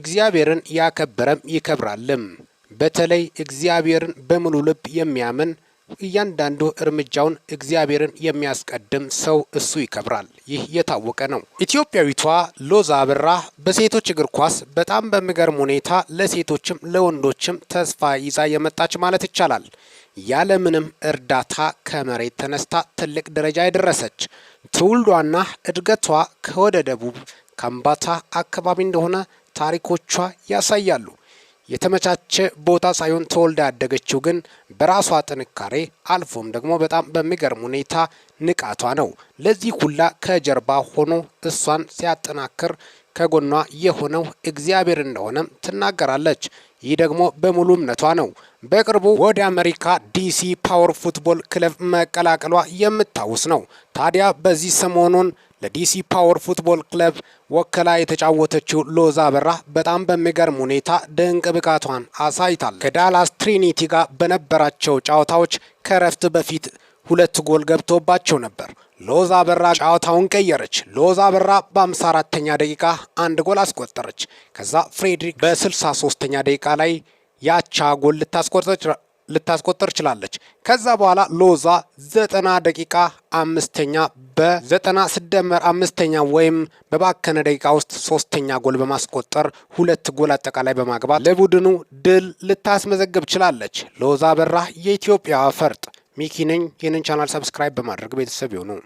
እግዚአብሔርን ያከበረም ይከብራልም። በተለይ እግዚአብሔርን በሙሉ ልብ የሚያምን እያንዳንዱ እርምጃውን እግዚአብሔርን የሚያስቀድም ሰው እሱ ይከብራል። ይህ የታወቀ ነው። ኢትዮጵያዊቷ ሎዛ አበራ በሴቶች እግር ኳስ በጣም በሚገርም ሁኔታ ለሴቶችም ለወንዶችም ተስፋ ይዛ የመጣች ማለት ይቻላል። ያለምንም እርዳታ ከመሬት ተነስታ ትልቅ ደረጃ የደረሰች ትውልዷና እድገቷ ከወደ ደቡብ ከምባታ አካባቢ እንደሆነ ታሪኮቿ ያሳያሉ። የተመቻቸ ቦታ ሳይሆን ተወልዳ ያደገችው ግን በራሷ ጥንካሬ አልፎም ደግሞ በጣም በሚገርም ሁኔታ ንቃቷ ነው። ለዚህ ሁላ ከጀርባ ሆኖ እሷን ሲያጠናክር ከጎኗ የሆነው እግዚአብሔር እንደሆነም ትናገራለች። ይህ ደግሞ በሙሉ እምነቷ ነው። በቅርቡ ወደ አሜሪካ ዲሲ ፓወር ፉትቦል ክለብ መቀላቀሏ የምታውስ ነው። ታዲያ በዚህ ሰሞኑን ለዲሲ ፓወር ፉትቦል ክለብ ወከላ የተጫወተችው ሎዛ በራ በጣም በሚገርም ሁኔታ ድንቅ ብቃቷን አሳይታል። ከዳላስ ትሪኒቲ ጋር በነበራቸው ጨዋታዎች ከረፍት በፊት ሁለት ጎል ገብቶባቸው ነበር። ሎዛ በራ ጨዋታውን ቀየረች። ሎዛ በራ በ54ተኛ ደቂቃ አንድ ጎል አስቆጠረች። ከዛ ፍሬድሪክ በ63ተኛ ደቂቃ ላይ ያቻ ጎል ልታስቆጠር ችላለች። ከዛ በኋላ ሎዛ 90 ደቂቃ አምስተኛ በ ስደመር አምስተኛ ወይም በባከነ ደቂቃ ውስጥ ሶስተኛ ጎል በማስቆጠር ሁለት ጎል አጠቃላይ በማግባት ለቡድኑ ድል ልታስመዘግብ ችላለች። ሎዛ በራ የኢትዮጵያ ፈርጥ ሚኪ ነኝ። ይህንን ቻናል ሰብስክራይብ በማድረግ ቤተሰብ ይሁኑ።